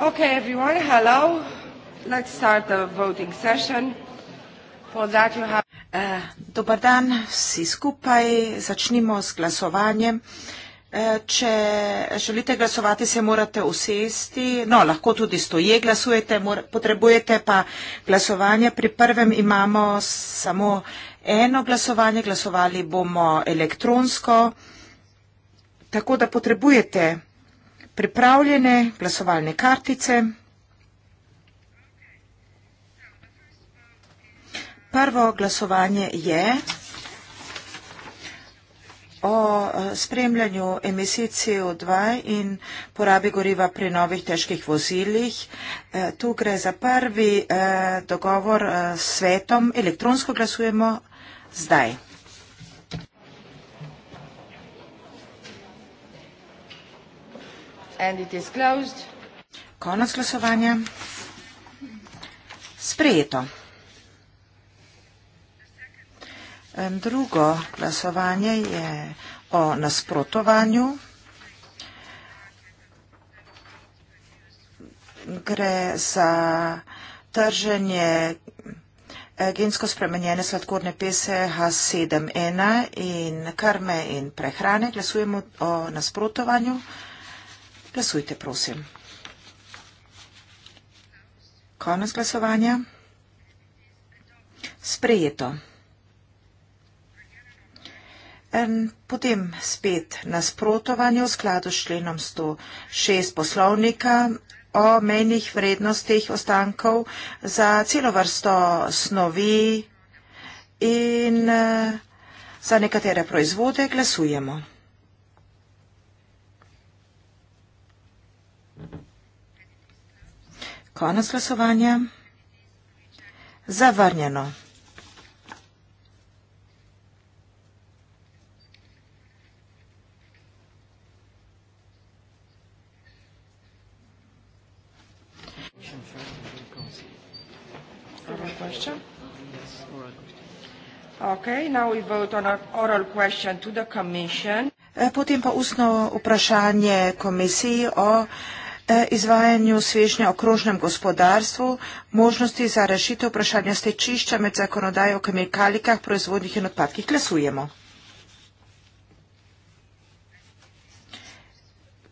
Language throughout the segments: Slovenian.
Okay, everyone, hello. Let's start the voting session. For that you have... Uh, eh, dobar dan, vsi skupaj. Začnimo s glasovanjem. Eh, če želite glasovati, se morate usesti, no, lahko tudi stoje glasujete, potrebujete pa glasovanje. Pri prvem imamo samo eno glasovanje, glasovali bomo elektronsko, tako da potrebujete pripravljene glasovalne kartice. Prvo glasovanje je o eh, spremljanju emisij CO2 in porabi goriva pri novih težkih vozilih. Eh, tu gre za prvi eh, dogovor s svetom. Elektronsko glasujemo zdaj. and it is closed. Konec glasovanja. Sprejeto. Drugo glasovanje je o nasprotovanju. Gre za trženje eh, gensko spremenjene sladkorne pese H7.1 in krme in prehrane. Glasujemo o nasprotovanju. Glasujte, prosim. Konec glasovanja. Sprejeto. En potem spet nasprotovanje v skladu s členom 106 poslovnika o menjih vrednostih ostankov za celo vrsto snovi in eh, za nekatere proizvode glasujemo. Konec glasovanja. Zavrnjeno. Eh, potem pa ustno vprašanje komisiji o vprašanje E, izvajanju svežnja o krožnem gospodarstvu, možnosti za rešitev vprašanja stečišča med zakonodajo o kemikalikah, proizvodnih in odpadkih. Glasujemo.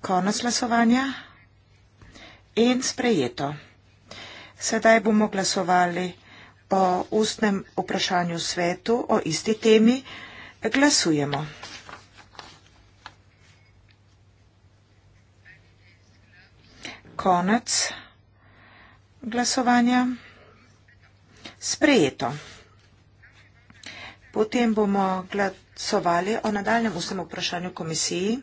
Konec glasovanja in sprejeto. Sedaj bomo glasovali o ustnem vprašanju svetu o isti temi. Glasujemo. konec glasovanja. Sprejeto. Potem bomo glasovali o nadaljem vsem vprašanju komisiji.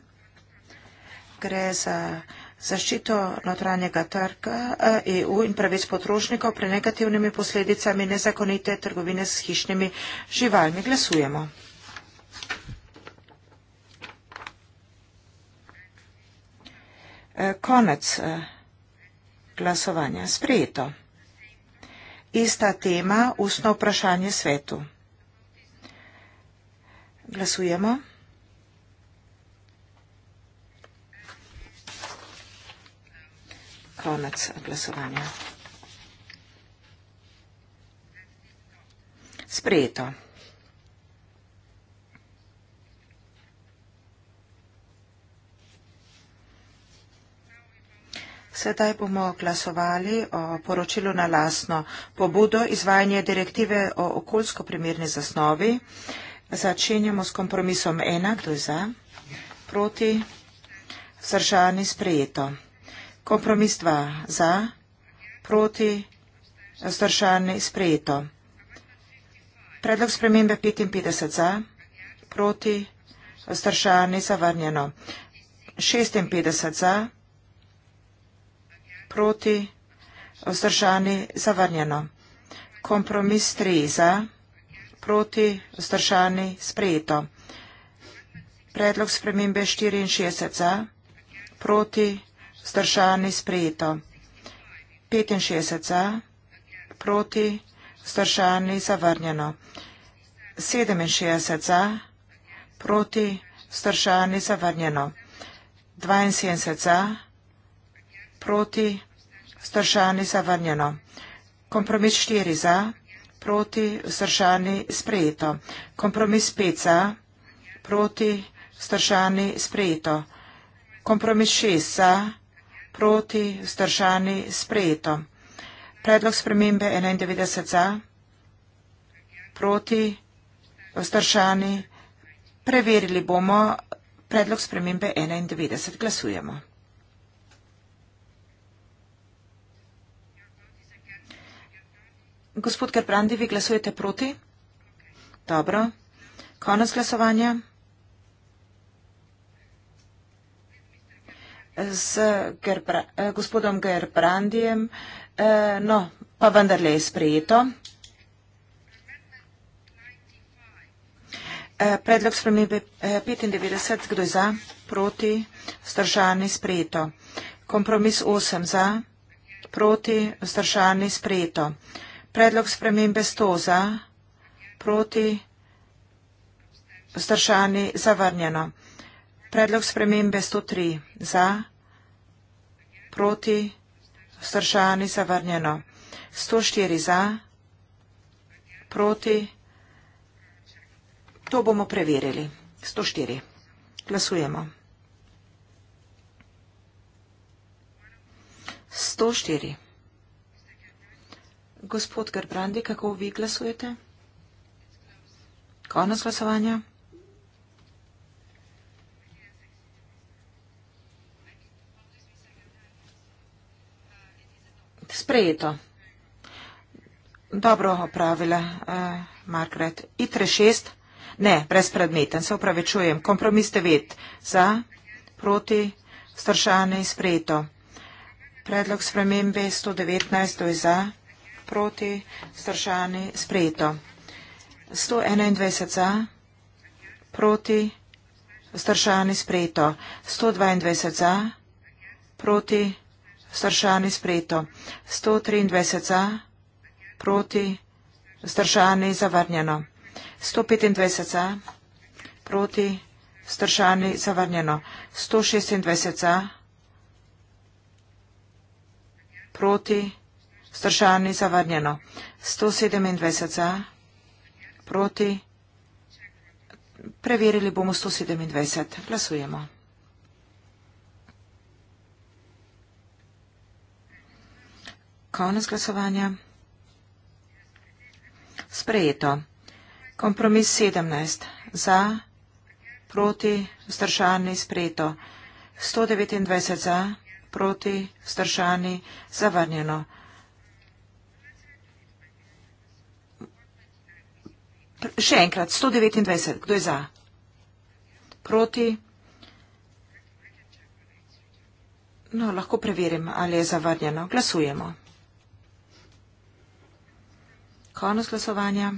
Gre za zaščito notranjega trga EU eh, e in pravic potrošnikov pre negativnimi posledicami nezakonite trgovine s hišnimi živalmi. Glasujemo. Eh, konec. Uh, glasovanja. Sprejeto. Ista tema, ustno vprašanje svetu. Glasujemo. Konec glasovanja. Sprejeto. Sedaj bomo glasovali o poročilu na lasno pobudo izvajanje direktive o okoljsko primerni zasnovi. Začenjamo s kompromisom ena, kdo je za, proti, vzdržani, sprejeto. Kompromis dva, za, proti, vzdržani, sprejeto. Predlog spremembe 55 za, proti, vzdržani, zavrnjeno. 56 za, proti, vzdržani, zavrnjeno. Kompromis 3 za, proti, vzdržani, sprejeto. Predlog spremembe 64 za, proti, vzdržani, sprejeto. 65 za, proti, vzdržani, zavrnjeno. 67 za, proti, vzdržani, zavrnjeno. 72 za, proti, vzdržani, zavrnjeno. Vzdržani zavrnjeno. Kompromis 4 za, proti vzdržani sprejeto. Kompromis 5 za, proti vzdržani sprejeto. Kompromis 6 za, proti vzdržani sprejeto. Predlog spremembe 91 za, proti vzdržani. Preverili bomo predlog spremembe 91. Glasujemo. Gospod Gerbrandi, vi glasujete proti? Dobro. Konec glasovanja. Z Gerbra, eh, gospodom Gerbrandijem, eh, no, pa vendarle je sprejeto. Eh, predlog spremembe 95, kdo je za, proti, vzdržani, sprejeto. Kompromis 8 za, proti, vzdržani, sprejeto. Predlog spremembe stoza proti vzdržani zavrnjeno. Predlog spremembe 103 za proti vzdržani zavrnjeno. 104 za proti. To bomo preverili. 104. Glasujemo. 104. Gospod Gerbrandi, kako vi glasujete? Konec glasovanja. Sprejeto. Dobro opravila uh, Margaret. ITRE 6. Ne, brezpredmeten, se upravičujem. Kompromis 9. Za, proti, stršane, sprejeto. Predlog spremembe 119 je za, proti, stržani, sprejeto. 121 za, proti, stržani, sprejeto. 122 za, proti, stržani, sprejeto. 123 za, proti, stržani, zavrnjeno. 125 za, proti, stržani, zavrnjeno. 126 za, proti, stržani, zavrnjeno. Vzdržani zavrnjeno. 127 za, proti. Preverili bomo 127. Glasujemo. Konec glasovanja. Sprejeto. Kompromis 17. Za, proti, vzdržani, sprejeto. 129 za, proti, vzdržani, zavrnjeno. Še enkrat, 129. Kdo je za? Proti? No, lahko preverim, ali je zavrnjeno. Glasujemo. Konec glasovanja.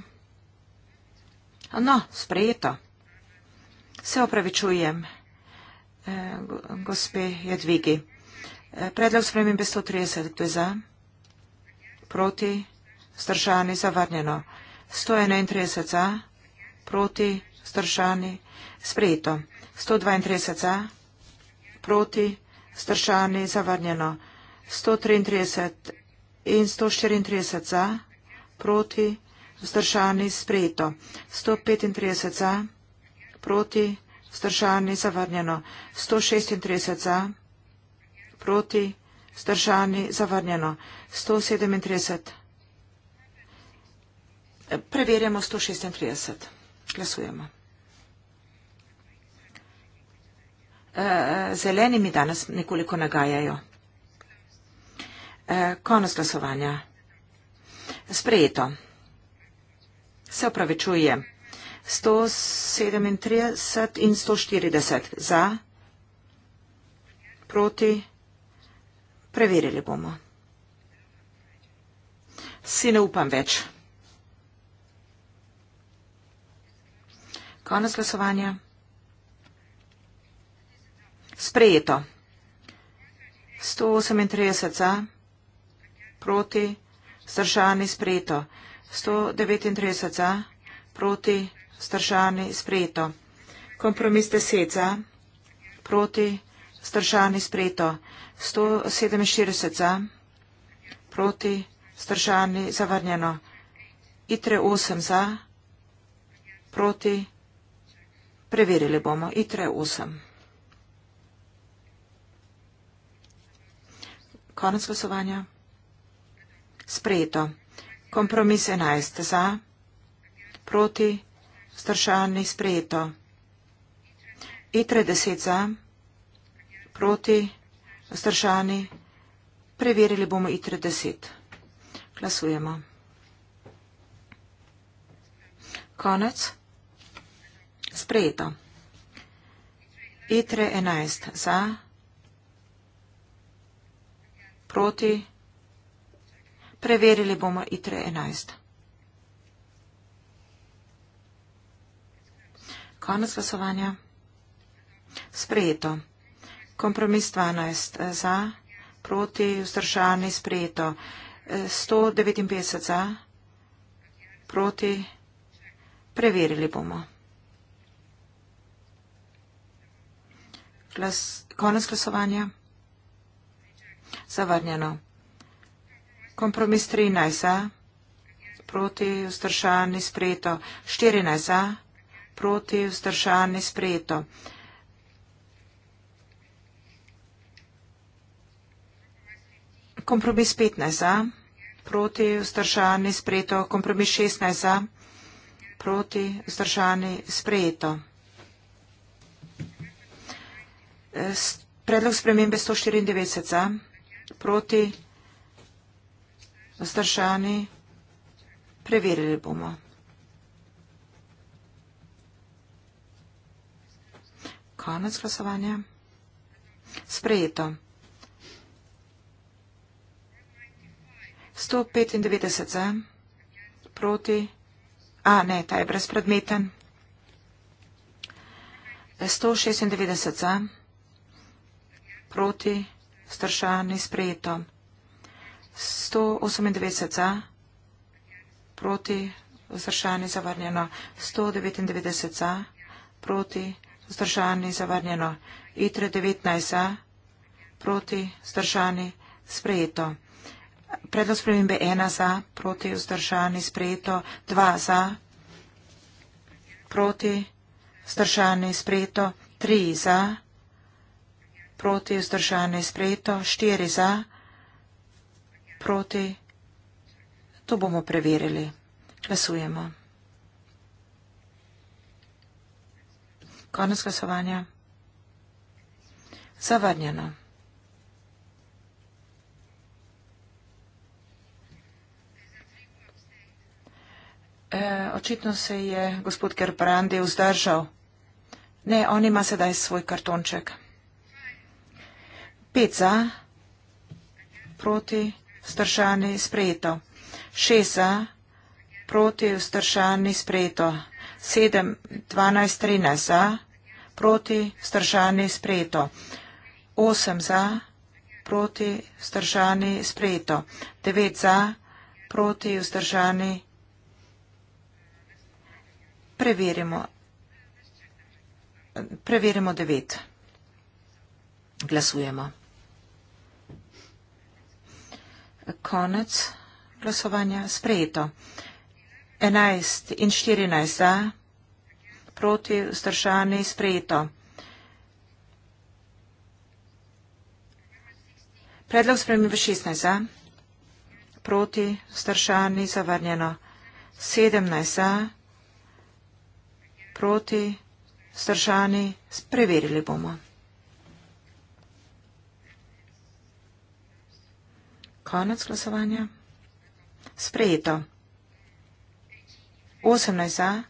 No, sprejeto. Se opravičujem, eh, gospe Jadvigi. Eh, predlog spremembe 130. Kdo je za? Proti? Zdržani? Zavrnjeno. 131 za, proti, stršani, sprejeto. 132 za, proti, stršani, zavrnjeno. 133 in 134 za, proti, stršani, sprejeto. 135 za, proti, stršani, zavrnjeno. 136 za, proti, stršani, zavrnjeno. 137 za. Preverjamo 136. Glasujemo. E, zeleni mi danes nekoliko nagajajo. E, konec glasovanja. Sprejeto. Se opravičuje. 137 in 140 za, proti, preverili bomo. Si ne upam več. Konec glasovanja. Sprejeto. 138 za, proti, zdržani, sprejeto. 139 za, proti, zdržani, sprejeto. Kompromis 10 za, proti, zdržani, sprejeto. 147 za, proti, zdržani, zavrnjeno. ITRE 8 za, proti, zdržani, sprejeto. Preverili bomo ITRE 8. Konec glasovanja. Sprejeto. Kompromis 11. Za. Proti. Stršalni. Sprejeto. ITRE 10. Za. Proti. Stršalni. Preverili bomo ITRE 10. Glasujemo. Konec glasovanja sprejeto. Itre 11 za, proti, preverili bomo itre 11. Konec glasovanja. Sprejeto. Kompromis 12 eh, za, proti, vzdržani, sprejeto. 159 eh, za, proti, preverili bomo. Glas, konec glasovanja. Zavrnjeno. Kompromis 13. -a. Proti vzdržani sprejeto. 14. -a. Proti vzdržani sprejeto. Kompromis 15. -a. Proti vzdržani sprejeto. Kompromis 16. -a. Proti vzdržani sprejeto. Predlog spremembe 194 za, proti, zdržani, preverili bomo. Konec glasovanja. Sprejeto. 195 za, proti, a ne, ta je brezpredmeten. 196 za, proti, proti stršani sprejeto. 198 za, proti stršani zavrnjeno. 199 za, proti stršani zavrnjeno. ITRE 19 za, proti stršani sprejeto. Predlog spremembe 1 za, proti stršani sprejeto. 2 za, proti stršani sprejeto. 3 za, proti stršani sprejeto proti vzdržane sprejeto, štiri za, proti. To bomo preverili. Glasujemo. Konec glasovanja. Zavrnjeno. E, očitno se je gospod Gerbrandi vzdržal. Ne, on ima sedaj svoj kartonček. 5 za, proti, vzdržani, sprejeto. 6 za, proti, vzdržani, sprejeto. 7, 12, 13 za, proti, vzdržani, sprejeto. 8 za, proti, vzdržani, sprejeto. 9 za, proti, vzdržani. Preverimo. Preverimo 9. Glasujemo. Konec glasovanja sprejeto. 11 in 14 za, proti vzdržani sprejeto. Predlog spremembe 16 za, proti vzdržani zavrnjeno. 17 za, proti vzdržani preverili bomo. Konec glasovanja. Sprejeto. 18 za,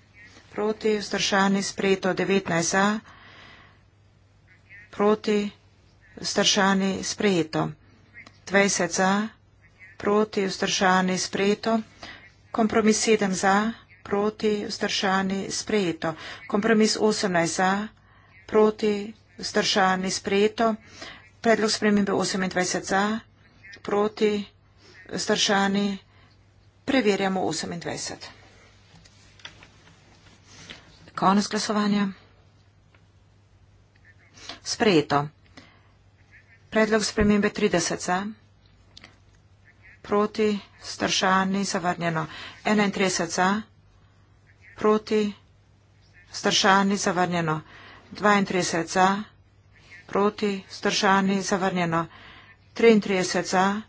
proti vzdržani, sprejeto 19 za, proti vzdržani, sprejeto 20 za, proti vzdržani, sprejeto kompromis 7 za, proti vzdržani, sprejeto kompromis 18 za, proti vzdržani, sprejeto predlog spremembe 28 za proti staršani preverjamo 28. Konec glasovanja. Sprejeto. Predlog spremembe 30 za, proti staršani zavrnjeno. 31 za, proti staršani zavrnjeno. 32 za, proti staršani zavrnjeno. 33 za,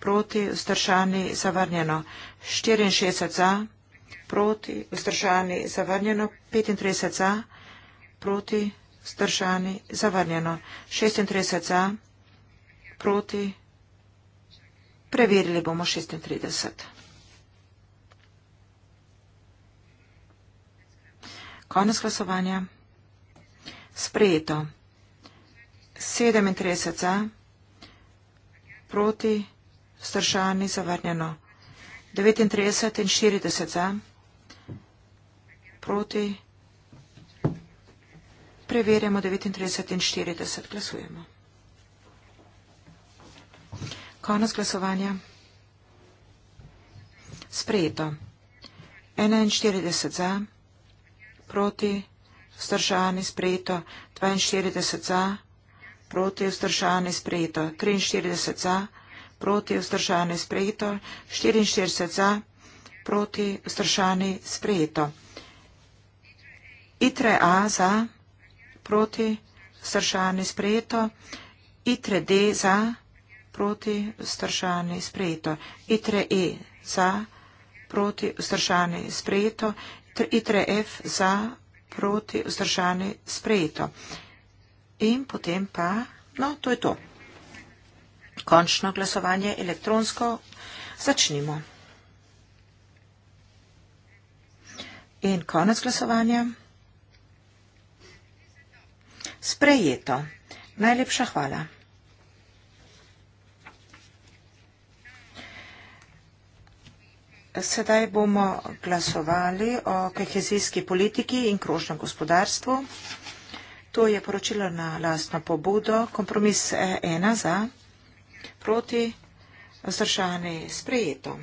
proti, vzdržani, zavrnjeno. 64 za, proti, vzdržani, zavrnjeno. 35 za, proti, vzdržani, zavrnjeno. 36 za, proti, preverili bomo 36. Konec glasovanja. Sprejeto. 37 za, proti, vzdržani, zavrnjeno proti, vzdržani, zavrnjeno. 39 in 40 za, proti, preverjamo 39 in 40, glasujemo. Konec glasovanja. Sprejeto. 41 za, proti, vzdržani, sprejeto. 42 za proti vzdržane sprejeto 43 za, proti vzdržane sprejeto 44 za, proti vzdržane sprejeto. I3A za, proti vzdržane sprejeto, I3D za, proti vzdržane sprejeto, I3E e za, proti vzdržane sprejeto, I3F za, proti vzdržane sprejeto. I3E za, proti in potem pa, no, to je to. Končno glasovanje elektronsko začnimo. In konec glasovanja. Sprejeto. Najlepša hvala. Sedaj bomo glasovali o kehezijski politiki in krožnem gospodarstvu. To je poročilo na lastno pobudo. Kompromis e ena za, proti, vzdržani sprejeto.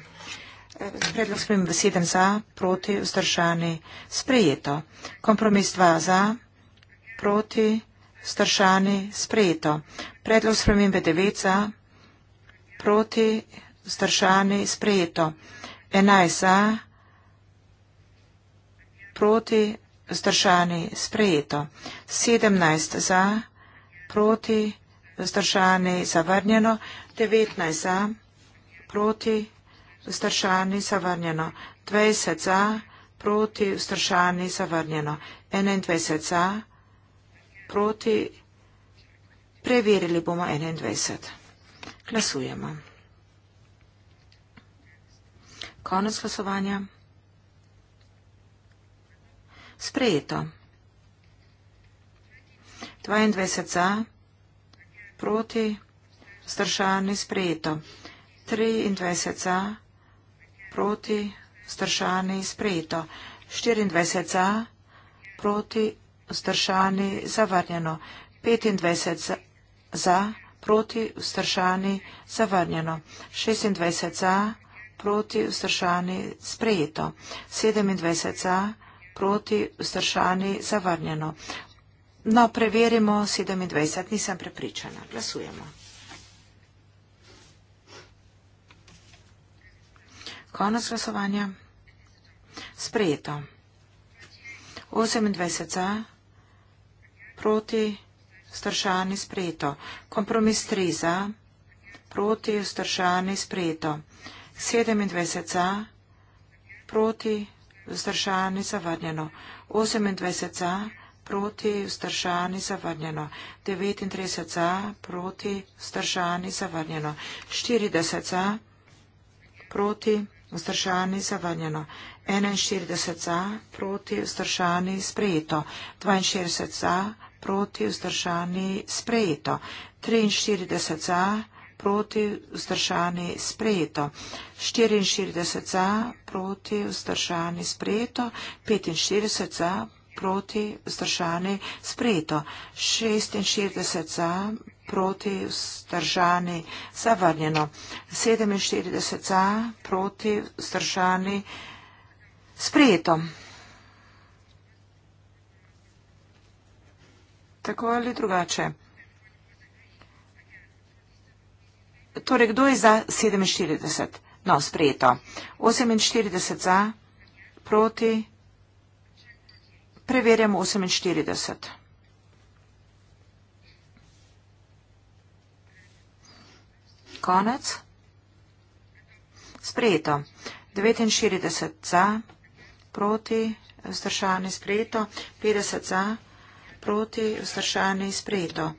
Predlog sprem besedem za, proti, vzdržani sprejeto. Kompromis dva za, proti, vzdržani sprejeto. Predlog spremembe devet za, proti, vzdržani sprejeto. Enaj za, proti, vzdržani sprejeto. 17 za, proti, vzdržani zavrnjeno. 19 za, proti, vzdržani zavrnjeno. 20 za, proti, vzdržani zavrnjeno. 21 za, proti, preverili bomo 21. Glasujemo. Konec glasovanja. Sprejeto. 22 za, proti, vzdržani, sprejeto. 23 za, proti, vzdržani, sprejeto. 24 za, proti, vzdržani, zavrnjeno. 25 za, proti, vzdržani, zavrnjeno. 26 za, proti, vzdržani, sprejeto. 27 za, proti, vzdržani, sprejeto proti vzdržani zavrnjeno. No, preverimo 27, nisem prepričana. Glasujemo. Konec glasovanja. Sprejeto. 28 za, proti vzdržani sprejeto. Kompromis 3 za, proti vzdržani sprejeto. 27 za, proti vzdržani sprejeto vzdržani zavrnjeno, 28 za proti vzdržani zavrnjeno, 39 za proti vzdržani zavrnjeno, 40 za proti vzdržani zavrnjeno, 41 za proti vzdržani sprejeto, 62 za proti vzdržani sprejeto, 43 za proti vzdržani sprejeto proti vzdržani sprejeto, 44 za proti vzdržani sprejeto, 45 za proti vzdržani sprejeto, 46 za proti vzdržani zavrnjeno, 47 za proti vzdržani sprejeto. Tako ali drugače. Torej, kdo je za 47? No, sprejeto. 48 za, proti. Preverjamo 48. Konec. Sprejeto. 49 za, proti, vzdržani, sprejeto. 50 za, proti, vzdržani, sprejeto.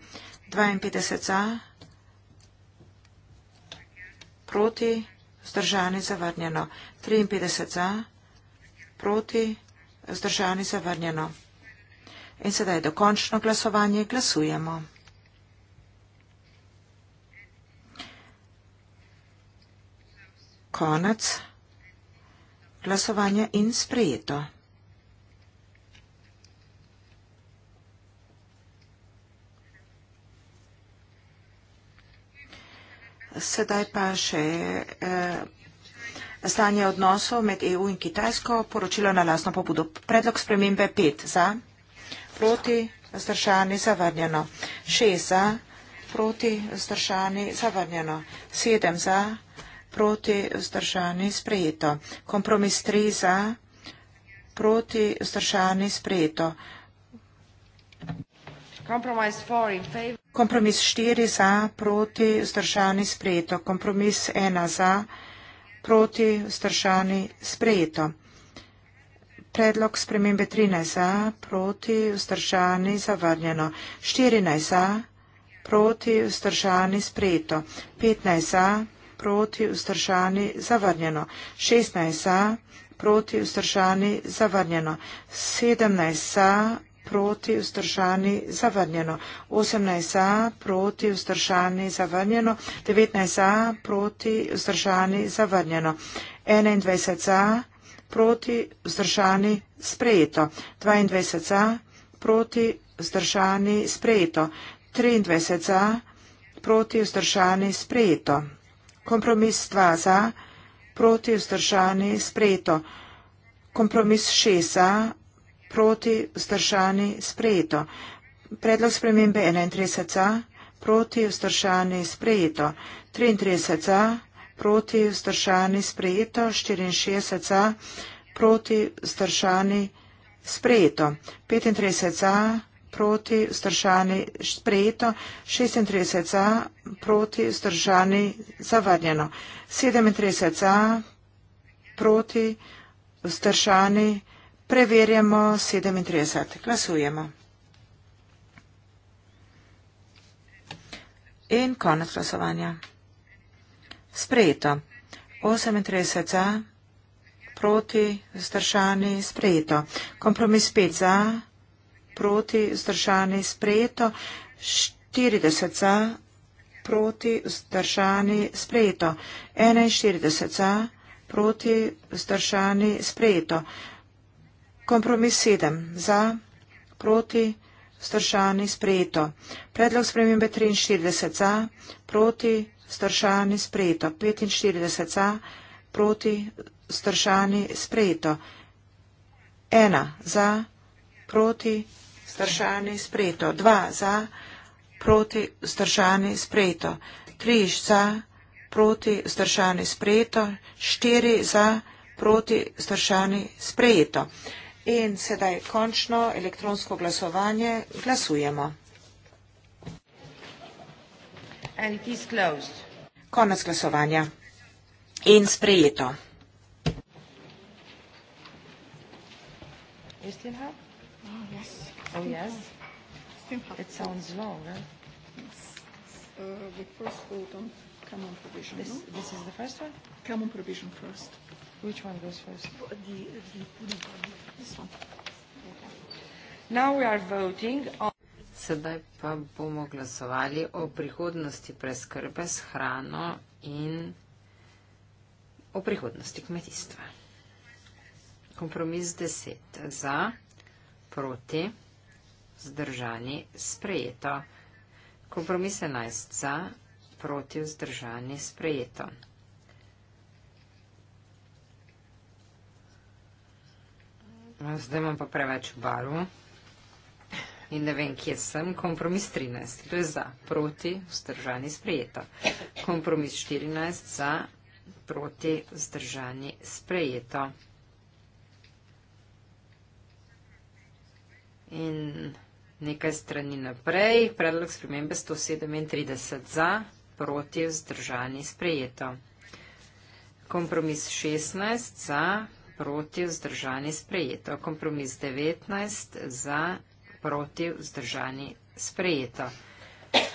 52 za, proti, vzdržani zavrnjeno. 53 za, proti, vzdržani zavrnjeno. In sedaj dokončno glasovanje glasujemo. Konec glasovanja in sprejeto. Sedaj pa še eh, stanje odnosov med EU in Kitajsko, poročilo na lasno pobudo. Predlog spremembe 5 za, proti, zdržani, zavrnjeno. 6 za, proti, zdržani, zavrnjeno. 7 za, proti, zdržani, sprejeto. Kompromis 3 za, proti, zdržani, sprejeto. Kompromis 4 za, proti, zdržani, sprejeto. Kompromis 1 za, proti, zdržani, sprejeto. Predlog spremembe 13 za, proti, vzdržani, zavrnjeno. 14 za, proti, vzdržani, sprejeto. 15 za, proti, vzdržani, zavrnjeno. 16 za, proti, vzdržani, zavrnjeno. 17 za, proti vzdržani zavrnjeno, 18 za proti vzdržani zavrnjeno, 19 za proti vzdržani zavrnjeno, 21 za proti vzdržani sprejeto, 22 za proti vzdržani sprejeto, 23 za proti vzdržani sprejeto, kompromis 2 za proti vzdržani sprejeto, kompromis 6 za proti vzdržani sprejeto. Predlog spremembe 31 za, proti vzdržani sprejeto. 33 za, proti vzdržani sprejeto. 64 za, proti vzdržani sprejeto. 35 za, proti vzdržani sprejeto. 36 za, proti vzdržani zavrnjeno. 37 za, proti vzdržani sprejeto. Preverjamo 37. Glasujemo. In konec glasovanja. Sprejeto. 38 za, proti, zdržani, sprejeto. Kompromis 5 za, proti, zdržani, sprejeto. 40 za, proti, zdržani, sprejeto. 41 za, proti, zdržani, sprejeto. Kompromis sedem za, proti, stršani sprejeto. Predlog spremembe 43 za, proti, stršani sprejeto. 45 za, proti, stršani sprejeto. 1 za, proti, stršani sprejeto. 2 za, proti, stršani sprejeto. 3 za, proti, stršani sprejeto. 4 za, proti, stršani sprejeto. 4 za, proti, In sedaj končno elektronsko glasovanje. Glasujemo. Konec glasovanja. In sprejeto. Oh, oh, uh, the first one, common provision, this, no? this is the first one? Common provision first. Which one goes first? The, the, the, the, this one. Okay. Now we are voting on. Sedaj pa bomo glasovali o prihodnosti preskrbe s hrano in o prihodnosti kmetijstva. Kompromis 10. Za, proti, zdržani, sprejeto. Kompromis 11. Za, proti, zdržani, sprejeto. Zdaj imam pa preveč barv in ne vem, kje sem. Kompromis 13, to je za, proti, vzdržani, sprejeto. Kompromis 14, za, proti, vzdržani, sprejeto. In nekaj strani naprej, predlog spremembe 137, za, proti, vzdržani, sprejeto. Kompromis 16, za, proti, vzdržani, sprejeto. Kompromis 19 za, proti, vzdržani, sprejeto.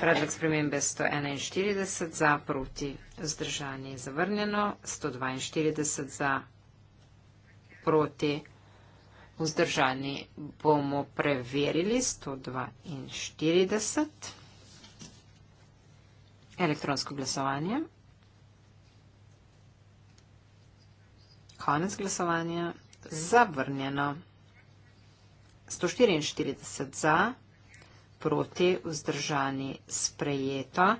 Predlog spremembe 141 za, proti, vzdržani, zavrnjeno. 142 za, proti, vzdržani, bomo preverili. 142. Elektronsko glasovanje. Konec glasovanja. Zavrnjeno. 144 za, proti, vzdržani, sprejeto.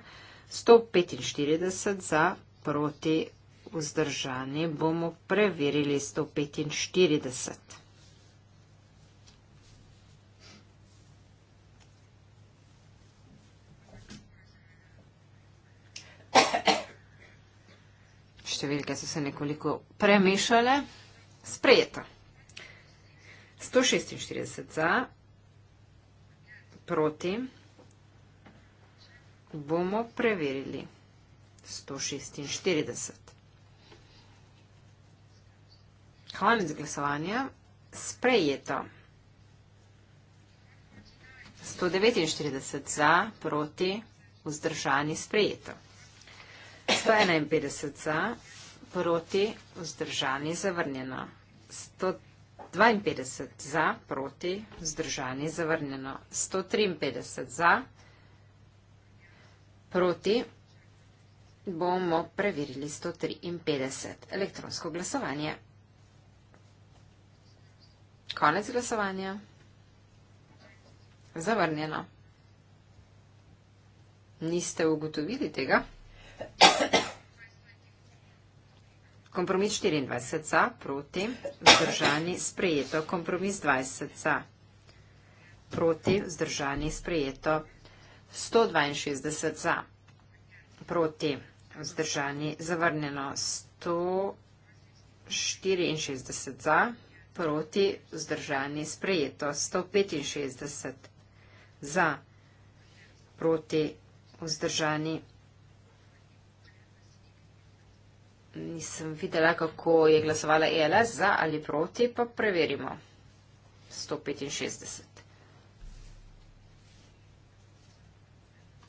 145 za, proti, vzdržani, bomo preverili 145. številke so se nekoliko premešale. Sprejeto. 146 za, proti. Bomo preverili. 146. Konec glasovanja. Sprejeto. 149 za, proti, vzdržani, sprejeto. 151 za, proti, vzdržani, zavrnjeno. 152 za, proti, vzdržani, zavrnjeno. 153 za, proti, bomo preverili 153. Elektronsko glasovanje. Konec glasovanja. Zavrnjeno. Niste ugotovili tega? Zavrnjeno. Kompromis 24 za, proti, vzdržani, sprejeto. Kompromis 20 za, proti, vzdržani, sprejeto. 162 za, proti, vzdržani, zavrnjeno. 164 za, proti, vzdržani, sprejeto. 165 za, proti, vzdržani, sprejeto. nisem videla, kako je glasovala ELS za ali proti, pa preverimo. 165.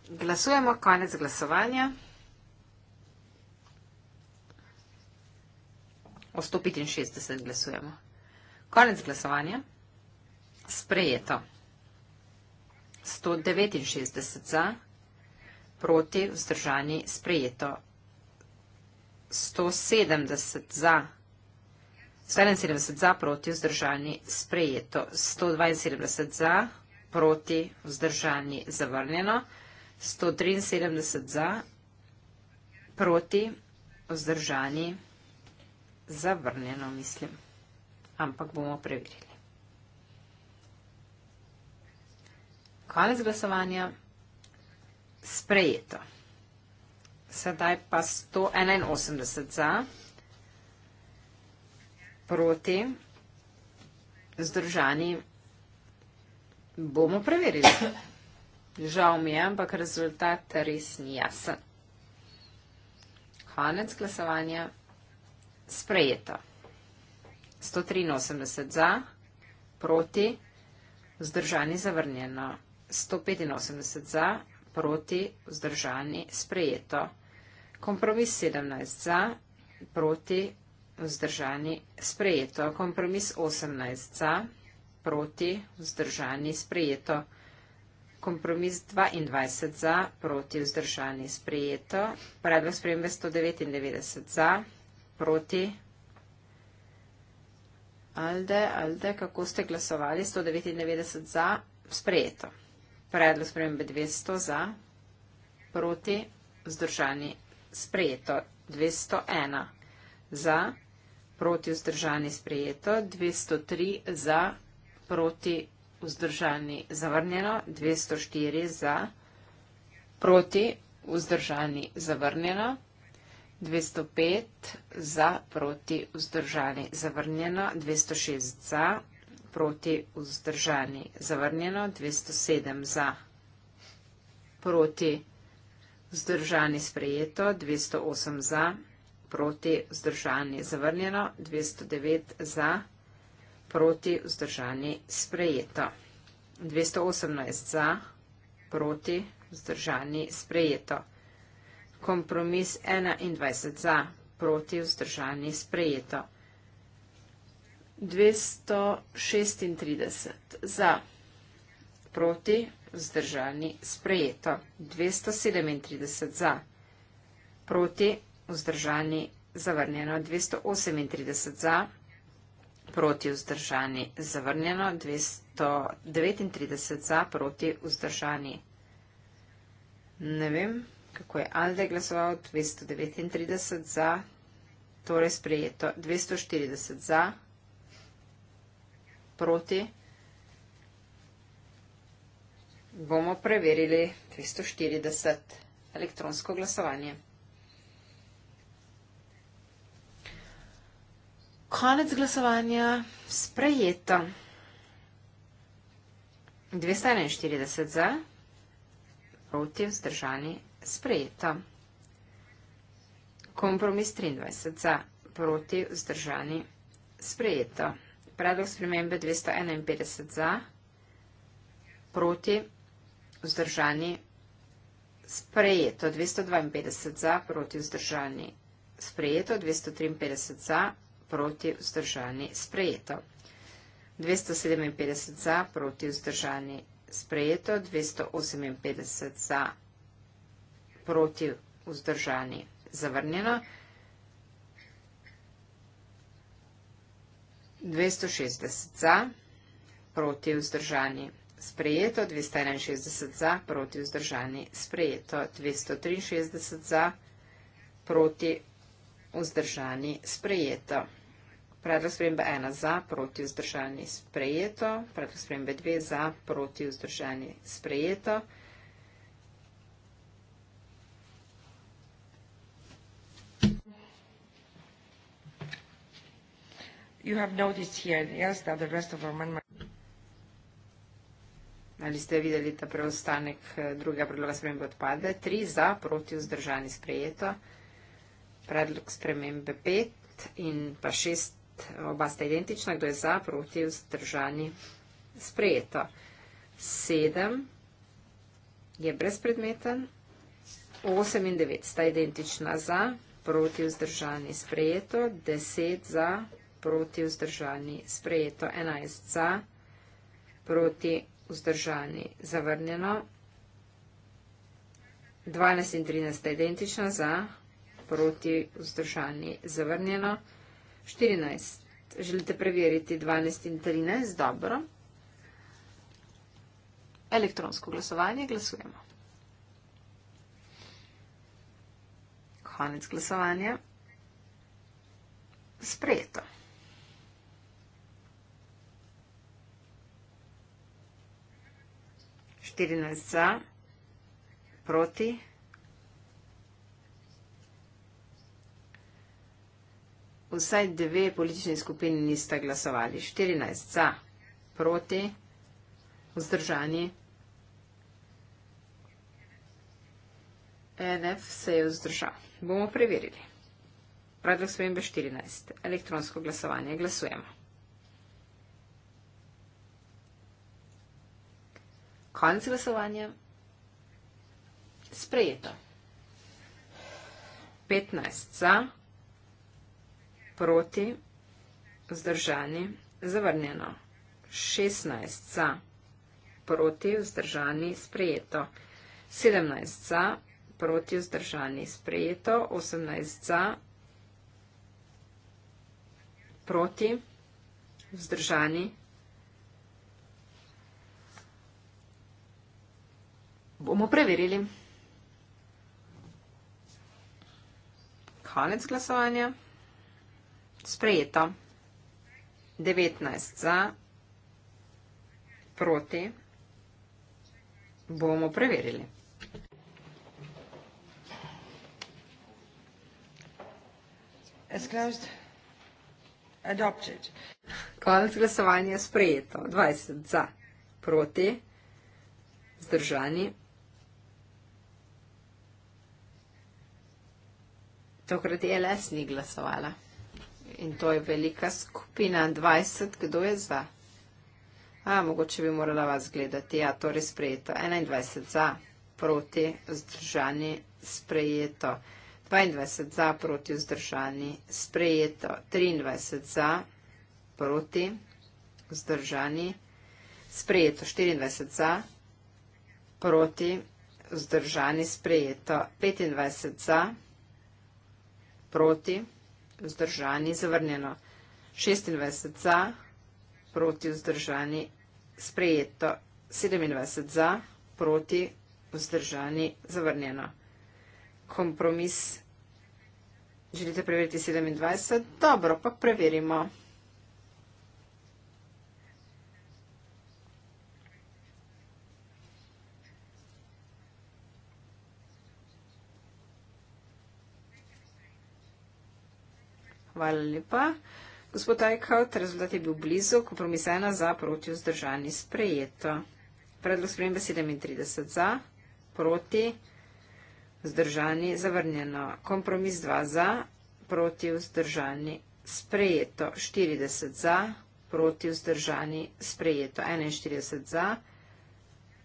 Glasujemo, konec glasovanja. O 165 glasujemo. Konec glasovanja. Sprejeto. 169 za, proti, vzdržani, sprejeto. 170 za, 77 za, proti vzdržani, sprejeto. 172 za, proti vzdržani, zavrnjeno. 173 za, proti vzdržani, zavrnjeno, mislim. Ampak bomo preverili. Konec glasovanja. Sprejeto. Sedaj pa 181 za, proti, zdržani. Bomo preverili. Žal mi je, ampak rezultat res ni jasen. Konec glasovanja. Sprejeto. 183 za, proti, vzdržani zavrnjeno. 185 za, proti, vzdržani sprejeto. Kompromis 17 za, proti, vzdržani, sprejeto. Kompromis 18 za, proti, vzdržani, sprejeto. Kompromis 22 za, proti, vzdržani, sprejeto. Predlog spremembe 199 za, proti. Alde, alde, kako ste glasovali? 199 za, sprejeto. Predlog spremembe 200 za, proti, vzdržani, sprejeto sprejeto 201 za, proti vzdržani sprejeto, 203 za, proti vzdržani zavrnjeno, 204 za, proti vzdržani zavrnjeno, 205 za, proti vzdržani zavrnjeno, 206 za, proti vzdržani zavrnjeno, 207 za, proti vzdržani zavrnjeno, Vzdržani sprejeto, 208 za, proti vzdržani zavrnjeno, 209 za, proti vzdržani sprejeto. 218 za, proti vzdržani sprejeto. Kompromis 21 za, proti vzdržani sprejeto. 236 za, proti vzdržani sprejeto vzdržani sprejeto 237 za, proti vzdržani zavrnjeno 238 za, proti vzdržani zavrnjeno 239 za, proti vzdržani. Ne vem, kako je Alde glasoval 239 za, torej sprejeto 240 za, proti vzdržani bomo preverili 340 elektronsko glasovanje. Konec glasovanja sprejeto. 241 za, proti vzdržani sprejeto. Kompromis 23 za, proti vzdržani sprejeto. Predlog spremembe 251 za, proti vzdržani sprejeto vzdržani, sprejeto 252 za, proti vzdržani, sprejeto 253 za, proti vzdržani, sprejeto 257 za, proti vzdržani, sprejeto 258 za, proti vzdržani, zavrnjeno 260 za, proti vzdržani, zavrnjeno sprejeto 261 za, proti vzdržani, sprejeto 263 za, proti vzdržani, sprejeto. Predlog spremembe 1 za, proti vzdržani, sprejeto. Predlog spremembe 2 za, proti vzdržani, sprejeto. You have noticed here, yes, that the rest of our amendment... Ali ste videli, da preostanek eh, drugega predloga spremembe odpade? Tri za, proti vzdržani sprejeto. Predlog spremembe pet in pa šest, oba sta identična, kdo je za, proti vzdržani sprejeto. Sedem je brezpredmeten, osem in devet sta identična za, proti vzdržani sprejeto, deset za, proti vzdržani sprejeto, enajst za, proti vzdržani sprejeto vzdržani, zavrnjeno, 12 in 13 identična za, proti vzdržani, zavrnjeno, 14, želite preveriti 12 in 13, dobro, elektronsko glasovanje, glasujemo. Konec glasovanja, sprejeto. 14 za, proti. Vsaj dve politični skupini nista glasovali. 14 za, proti, vzdržani. NF se je vzdržal. Bomo preverili. Predlog svojim 14. Elektronsko glasovanje. Glasujemo. konec glasovanja. Sprejeto. 15 za, proti, vzdržani, zavrnjeno. 16 za, proti, vzdržani, sprejeto. 17 za, proti, vzdržani, sprejeto. 18 za, proti, vzdržani, sprejeto. Bomo preverili. Konec glasovanja. Sprejeto. 19 za, proti. Bomo preverili. Konec glasovanja je sprejeto. 20 za, proti, zdržani. tokrat LS ni glasovala. In to je velika skupina, 20, kdo je za? A, mogoče bi morala vas gledati, ja, torej sprejeto. 21 za, proti, zdržani, sprejeto. 22 za, proti, zdržani, sprejeto. 23 za, proti, zdržani, sprejeto. 24 za, proti, zdržani, sprejeto. 25 za, proti proti, vzdržani, zavrnjeno. 26 za, proti, vzdržani, sprejeto. 27 za, proti, vzdržani, zavrnjeno. Kompromis. Želite preveriti 27? Dobro, pa preverimo. Hvala lepa. Gospod Ajkaut, rezultat je bil blizu, kompromis ena za, proti vzdržani sprejeto. Predlog spremembe 37 za, proti vzdržani zavrnjeno. Kompromis 2 za, proti vzdržani sprejeto. 40 za, proti vzdržani sprejeto. 41 za,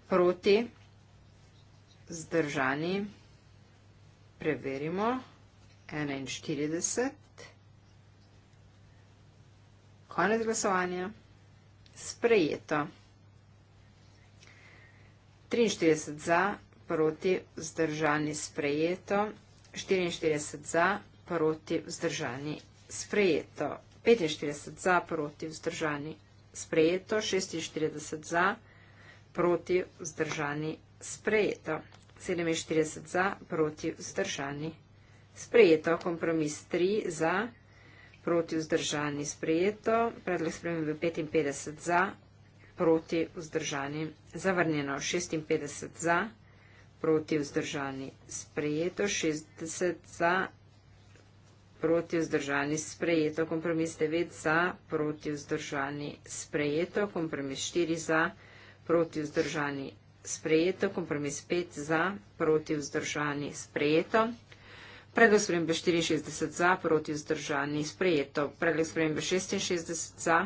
proti vzdržani. Preverimo. 41. Konec glasovanja. Sprejeto. 43 za, proti, vzdržani, sprejeto. 44 za, proti, vzdržani, sprejeto. 45 za, proti, vzdržani, sprejeto. 46 za, proti, vzdržani, sprejeto. 47 za, proti, vzdržani, sprejeto. Kompromis 3 za, sprejeto proti vzdržani sprejeto, predlog sprejem je bil 55 za, proti vzdržani zavrnjeno, 56 za, proti vzdržani sprejeto, 60 za, proti vzdržani sprejeto, kompromis 9 za, proti vzdržani sprejeto, kompromis 4 za, proti vzdržani sprejeto, kompromis 5 za, proti vzdržani sprejeto. Predlog spremembe 64 za, proti vzdržani, sprejeto. Predlog spremembe 66 za,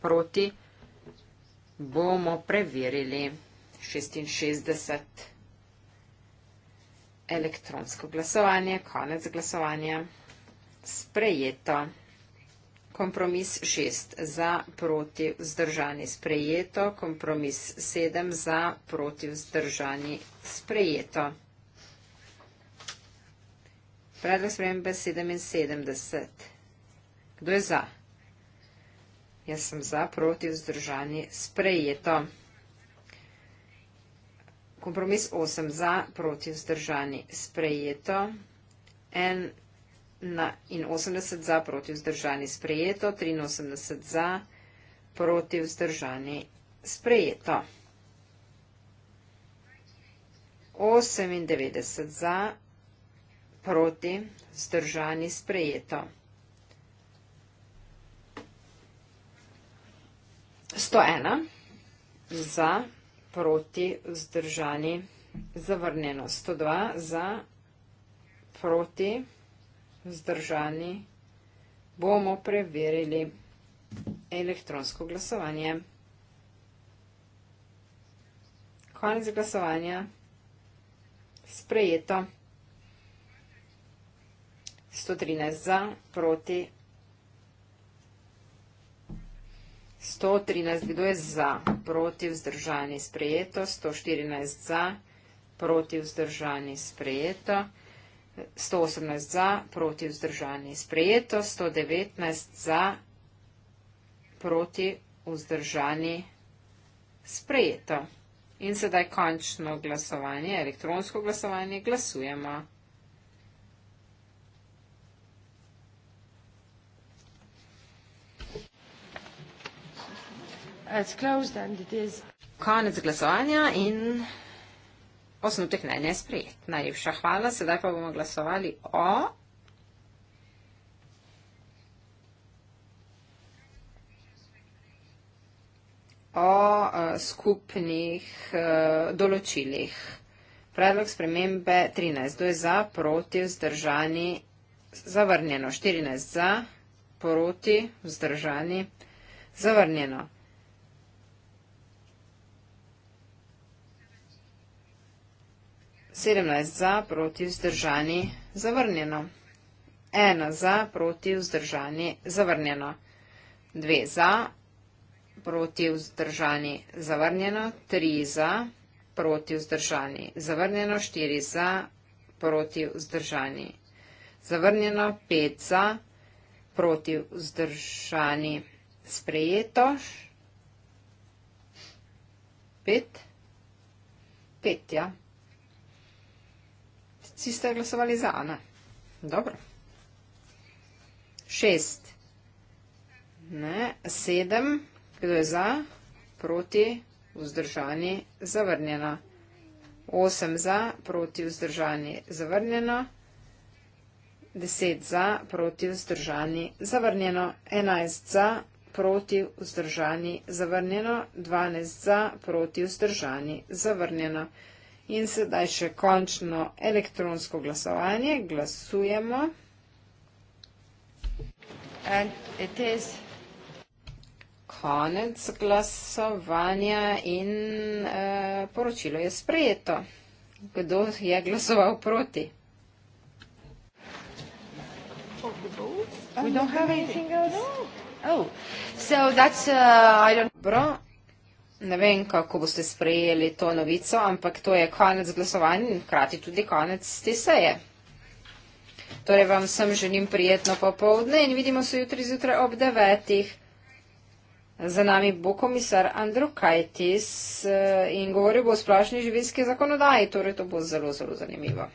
proti bomo preverili 66 elektronsko glasovanje, konec glasovanja, sprejeto. Kompromis 6 za, proti vzdržani, sprejeto. Kompromis 7 za, proti vzdržani, sprejeto. Predlog spremembe 77. Kdo je za? Jaz sem za, proti vzdržani sprejeto. Kompromis 8 za, proti vzdržani sprejeto. Na, in 80 za, proti vzdržani sprejeto. 83 za, proti vzdržani sprejeto. 98 za, proti, zdržani sprejeto. Sto ena za, proti, zdržani, zavrnjeno. Sto dva za, proti, zdržani, bomo preverili elektronsko glasovanje. Konec glasovanja, sprejeto. 113 za, proti 113, kdo je za, proti vzdržani sprejeto, 114 za, proti vzdržani sprejeto, 118 za, proti vzdržani sprejeto, 119 za, proti vzdržani sprejeto. In sedaj končno glasovanje, elektronsko glasovanje, glasujemo. it's closed and it is. Konec glasovanja in osnutek naj ne sprejet. Najlepša hvala, sedaj pa bomo glasovali o. o uh, skupnih uh, določilih. Predlog spremembe 13. Kdo je za, proti, vzdržani, zavrnjeno. 14 za, proti, vzdržani, zavrnjeno. 17 za, proti vzdržani, zavrnjeno. 1 za, proti vzdržani, zavrnjeno. 2 za, proti vzdržani, zavrnjeno. 3 za, proti vzdržani, zavrnjeno. 4 za, proti vzdržani, zavrnjeno. 5 za, proti vzdržani, sprejeto. 5. 5, ja. Vsi ste glasovali za, ne? Dobro. Šest. Ne, sedem. Kdo je za? Proti, vzdržani, zavrnjena. Osem za, proti, vzdržani, zavrnjena. Deset za, proti, vzdržani, zavrnjeno. Enajst za, proti, vzdržani, zavrnjeno. Dvanest za, proti, vzdržani, zavrnjeno. Zavrnjeno. In sedaj še končno elektronsko glasovanje. Glasujemo. Konec glasovanja in uh, poročilo je sprejeto. Kdo je glasoval proti? Oh, uh, Dobro, ne vem, kako boste sprejeli to novico, ampak to je konec glasovanja in krati tudi konec te seje. Torej vam vsem želim prijetno popovdne in vidimo se jutri zjutraj ob devetih. Za nami bo komisar Andrew Kajtis eh, in govoril bo o splošni živinski zakonodaji, torej to bo zelo, zelo zanimivo.